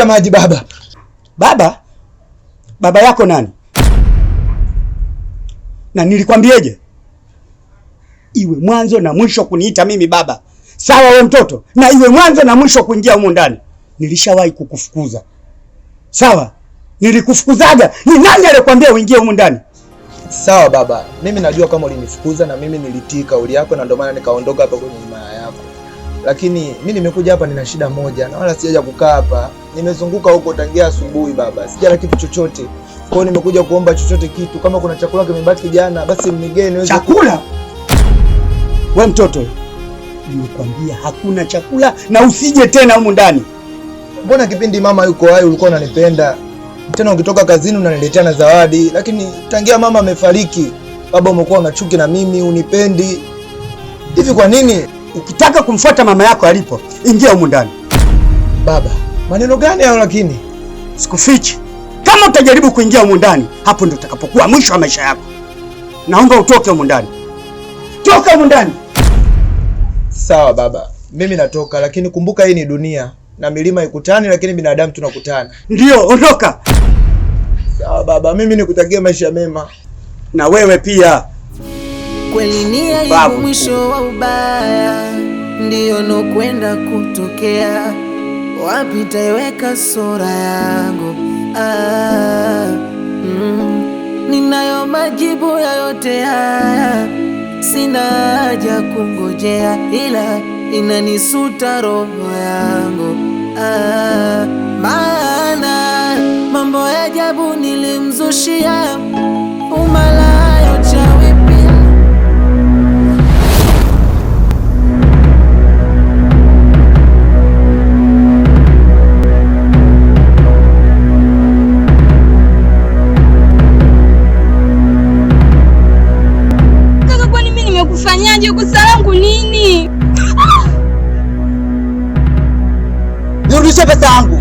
Nakuja maji baba. Baba? Baba yako nani? Na nilikwambieje? Iwe mwanzo na mwisho kuniita mimi baba. Sawa we mtoto, na iwe mwanzo na mwisho kuingia humu ndani. Nilishawahi kukufukuza. Sawa? Nilikufukuzaga. Ni nani alikwambia uingie humu ndani? Sawa baba, mimi najua kama ulinifukuza na mimi nilitii kauli yako na ndio maana nikaondoka hapa kwenye himaya lakini mi nimekuja hapa, nina shida moja na wala sijaja kukaa hapa. Nimezunguka huko tangia asubuhi baba, sijala kitu chochote. Kwa hiyo nimekuja kuomba chochote kitu, kama kuna chakula kimebaki jana, basi mnigeni niweze chakula. We mtoto, nimekwambia hakuna chakula na usije tena humu ndani. Mbona kipindi mama yuko hai ulikuwa unanipenda tena, ukitoka kazini unaniletea na zawadi, lakini tangia mama amefariki, baba, umekuwa unachuki na mimi, unipendi hivi, kwa nini? Ukitaka kumfuata mama yako alipo, ingia humu ndani. Baba, maneno gani hayo? Lakini sikufichi, kama utajaribu kuingia humu ndani, hapo ndio utakapokuwa mwisho wa maisha yako. Naomba utoke humu ndani, toka humu ndani. Sawa baba, mimi natoka, lakini kumbuka hii ni dunia na milima ikutani, lakini binadamu tunakutana. Ndio, ondoka. Sawa baba, mimi nikutakia maisha mema na wewe pia. Kweli ni aibu, mwisho wa ubaya ndiyo nokwenda kutokea. Wapi taiweka sura yangu? Ah, mm, ninayo majibu ya yote haya, sina haja kungojea, ila inanisuta roho yangu ah, maana mambo ya ajabu nilimzushia umala Niache pesa yangu.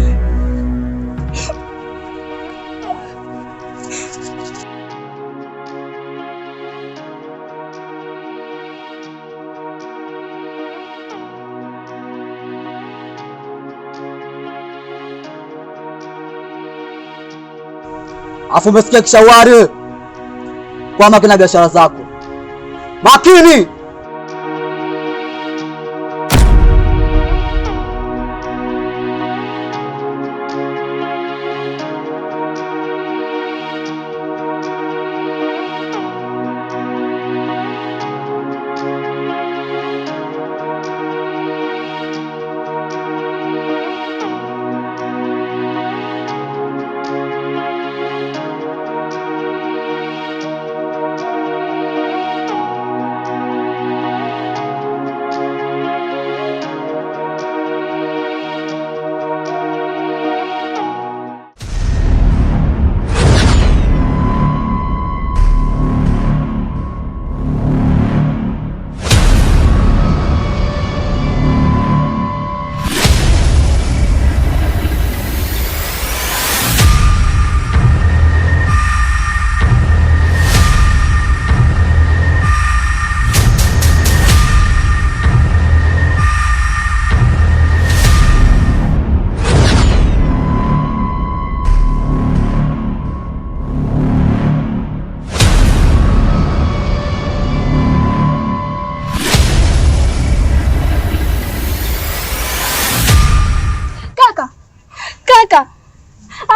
Afu umesikia kishawari kwama kina biashara zako makini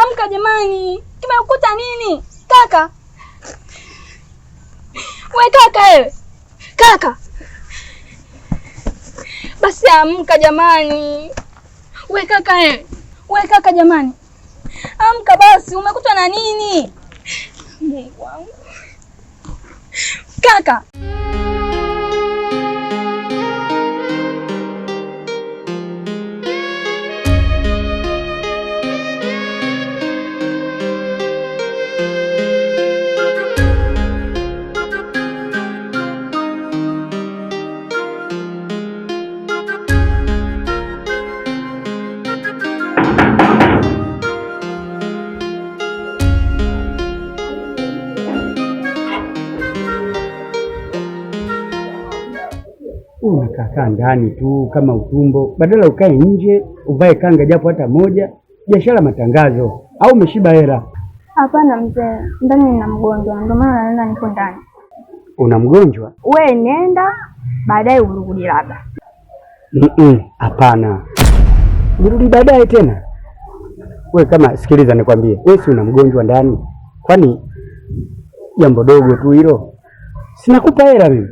amka jamani, kimekuta nini kaka? We kaka, ewe kaka, basi amka jamani. We kaka, ewe we kaka, jamani, amka basi, umekutwa na nini? Mungu wangu kaka. unakaa ndani tu kama utumbo, badala ukae nje uvae kanga japo hata moja. Biashara matangazo, au umeshiba hela? Hapana mzee, ndani nina mgonjwa, ndio maana naenda niko ndani. Una mgonjwa? We nenda baadaye urudi labda. Hapana, nirudi baadaye tena? We kama, sikiliza nikwambie, we si una mgonjwa ndani? Kwani jambo dogo tu hilo? Sinakupa hela mimi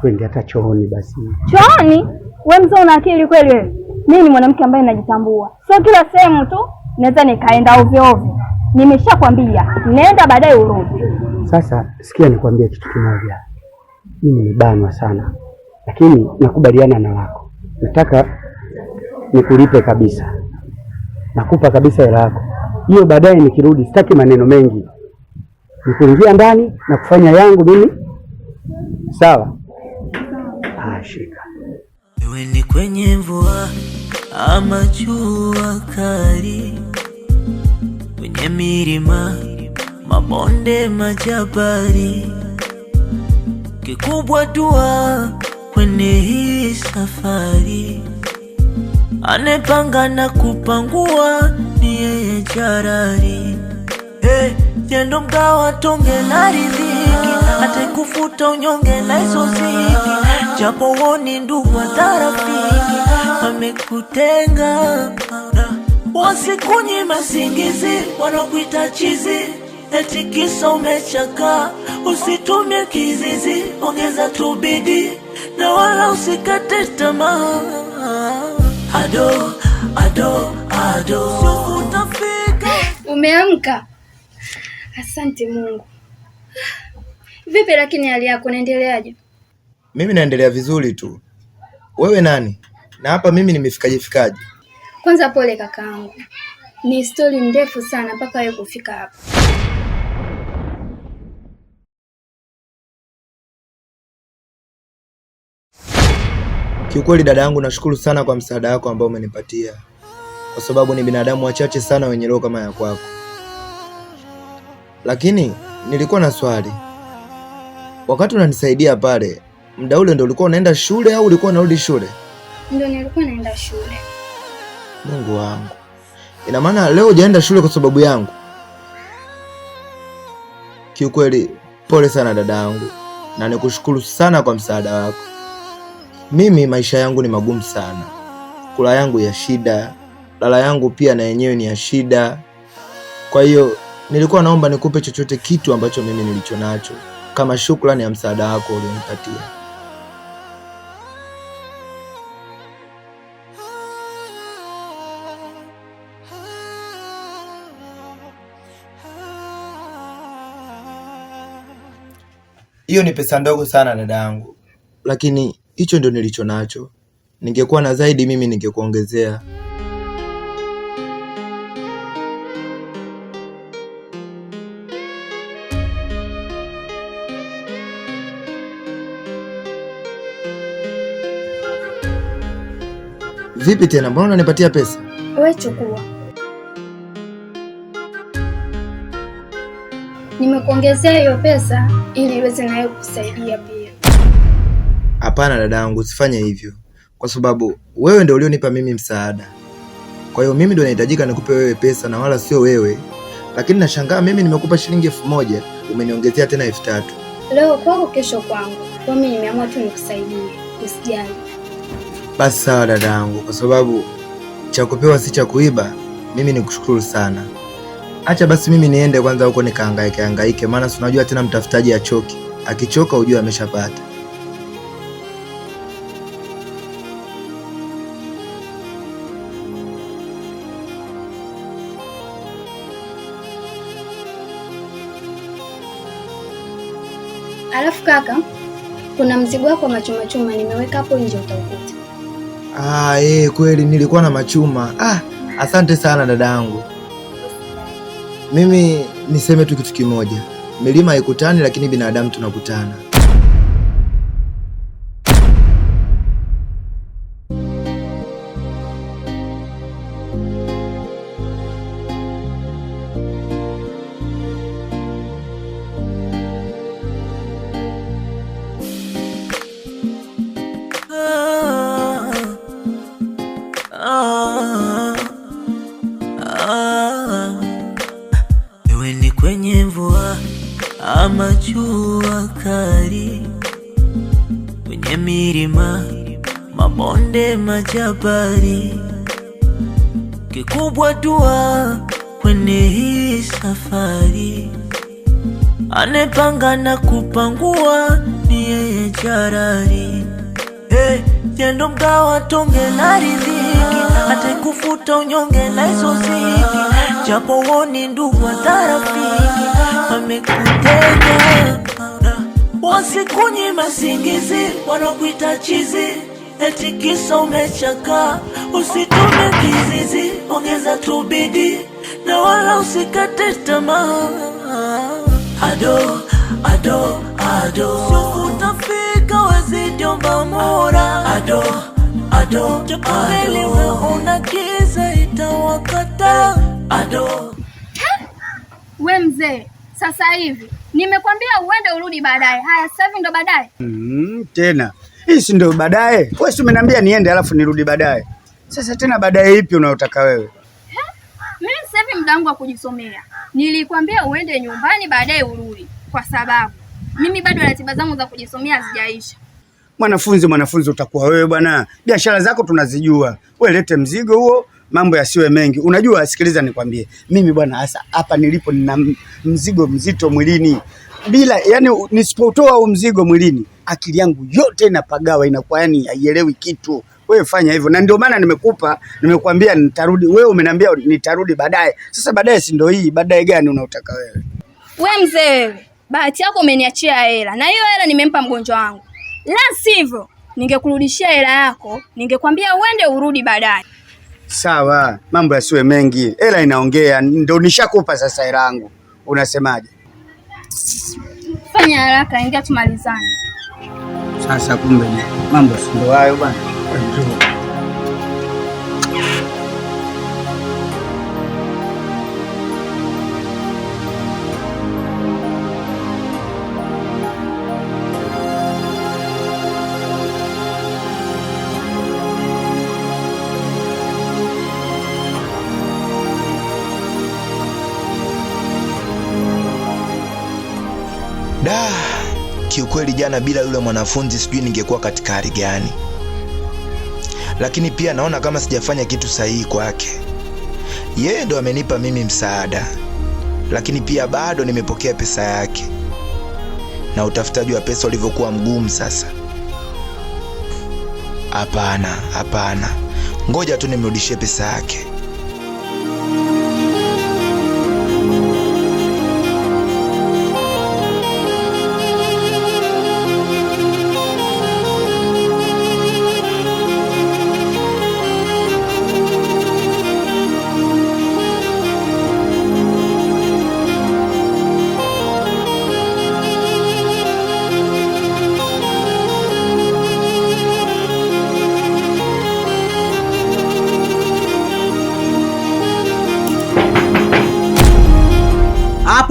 twende hata chooni basi. Chooni? We mzee, una akili kweli wewe? Mimi ni mwanamke ambaye najitambua, sio kila sehemu tu naweza nikaenda ovyo ovyo. Nimeshakwambia nenda, baadaye urudi. Sasa sikia, nikwambie kitu kimoja, mimi ni banwa sana, lakini nakubaliana na lako. Nataka nikulipe kabisa, nakupa kabisa hela yako hiyo, baadaye nikirudi. Sitaki maneno mengi, nikuingia ndani na kufanya yangu mimi, sawa? anashika. Iwe ni kwenye mvua ama jua kali, kwenye milima, mabonde, majabari kikubwa dua kwenye hii safari, anepanga na kupangua ni yeye jarari. Hey, eh, yendo mgawa tonge la riziki, atakufuta unyonge na hizo ziki japo woni ndugu wa tarafiki wamekutenga, wasikunyima singizi, wanakuita chizi, eti kisa umechakaa. Usitumie kizizi, ongeza tubidi na wala usikate tamaa. Ado, ado, ado, utafika. Umeamka? Asante Mungu. Vipi lakini hali yako naendeleaje? Mimi naendelea vizuri tu, wewe nani? Na hapa mimi nimefikaje fikaje? Kwanza pole kakaangu, ni stori ndefu sana mpaka wewe kufika hapa. Kiukweli dada yangu, nashukuru sana kwa msaada wako ambao umenipatia, kwa sababu ni binadamu wachache sana wenye roho kama ya kwako. Lakini nilikuwa na swali, wakati unanisaidia pale muda ule ndio ulikuwa unaenda shule au ulikuwa unarudi shule? Ndio nilikuwa naenda shule. Mungu wangu, ina maana leo hujaenda shule kwa sababu yangu? Kiukweli pole sana dada yangu, na nikushukuru sana kwa msaada wako. Mimi maisha yangu ni magumu sana, kula yangu ya shida, lala yangu pia na yenyewe ni ya shida. Kwa hiyo nilikuwa naomba nikupe chochote kitu ambacho mimi nilicho nacho kama shukrani ya msaada wako ulionipatia. Hiyo ni pesa ndogo sana dada yangu, lakini hicho ndio nilicho nacho. Ningekuwa na zaidi, mimi ningekuongezea. Vipi tena, mbona unanipatia pesa? Wewe chukua. nimekuongezea hiyo pesa ili iweze nayo kusaidia pia. Hapana dadangu, usifanye hivyo, kwa sababu wewe ndio ulionipa mimi msaada. Kwa hiyo mimi ndio nahitajika nikupe wewe pesa na wala sio wewe. Lakini nashangaa mimi nimekupa shilingi elfu moja umeniongezea tena elfu tatu Leo kwako, kesho kwangu. Kwa mimi nimeamua tu nikusaidie, usijali. Basi sawa dadangu, kwa sababu cha kupewa si cha kuiba. Mimi nikushukuru sana acha basi mimi niende kwanza huko nikahangaike hangaike, maana si unajua tena mtafutaji achoki, akichoka ujue ameshapata. Alafu kaka, kuna mzigo wako wa machuma chuma nimeweka hapo nje, utaukuta. Ah, eh, kweli nilikuwa na machuma. Ah, asante sana dada yangu. Mimi niseme tu kitu kimoja, milima haikutani, lakini binadamu tunakutana. jabari, kikubwa dua kwenye hii safari, anepanga na kupangua ni yeye jarari. Hey, eh, mgawa tonge la riziki, atakufuta unyonge na hizo ziki, japo woni ndugu atarafiki wamekutega, wasikunyi masingizi wanakuita chizi eti kisa umechaka, Usitume kizizi, ongeza tubidi na wala usikate tamaa. Ado, ado, ado, siku utafika, wazidi omba mura. Ado, ado, japeli we una kiza itawakata. Ado we mzee, sasa hivi nimekwambia uende urudi baadaye. Haya, sasa hivi ndo baadaye? Mm, tena hii si ndio baadaye? Wewe si umeniambia niende alafu nirudi baadaye. Sasa tena baadaye ipi unayotaka wewe? Mimi sasa hivi muda wangu wa kujisomea. Nilikwambia uende nyumbani baadaye urudi kwa sababu mimi bado ratiba zangu za kujisomea hazijaisha. Mwanafunzi, mwanafunzi utakuwa wewe bwana. Biashara zako tunazijua. Wewe lete mzigo huo, mambo yasiwe mengi. Unajua, sikiliza nikwambie. Mimi bwana hasa hapa nilipo nina mzigo mzito mwilini bila yani, nisipotoa huo mzigo mwilini, akili yangu yote inapagawa, inakuwa yani haielewi kitu. Wewe fanya hivyo, na ndio maana nimekupa, nimekuambia nitarudi. Wewe umeniambia nitarudi baadaye. Sasa baadaye, si ndio? Hii baadaye gani unaotaka wewe? Wewe mzee, bahati yako umeniachia hela, na hiyo hela nimempa mgonjwa wangu, la sivyo ningekurudishia hela yako, ningekwambia uende urudi baadaye. Sawa, mambo yasiwe mengi, hela inaongea. Ndio nishakupa sasa hela yangu, unasemaje? Fanya haraka, ingia tumalizane. Sasa kumbe mambo sio hayo bwana. kiukweli, jana bila yule mwanafunzi sijui ningekuwa katika hali gani, lakini pia naona kama sijafanya kitu sahihi kwake. Yeye ndo amenipa mimi msaada, lakini pia bado nimepokea pesa yake, na utafutaji wa pesa ulivyokuwa mgumu. Sasa hapana, hapana, ngoja tu nimrudishie pesa yake.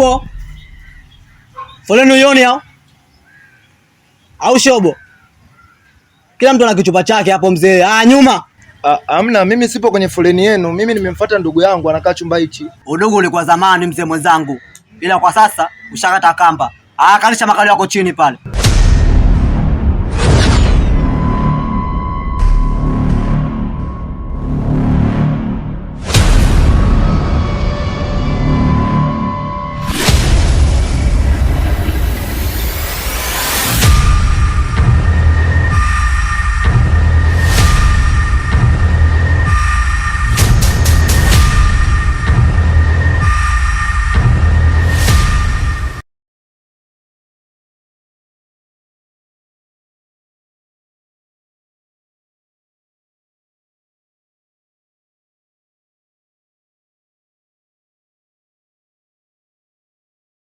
hapo. Foleni uione hao. Au shobo. Kila mtu ana kichupa chake hapo mzee. Ah, nyuma. Ah, hamna, mimi sipo kwenye foleni yenu. Mimi nimemfuata ndugu yangu anakaa chumba hichi. Udogo ulikuwa zamani mzee mwenzangu. Ila kwa sasa ushakata kamba. Ah, kalisha makali yako chini pale.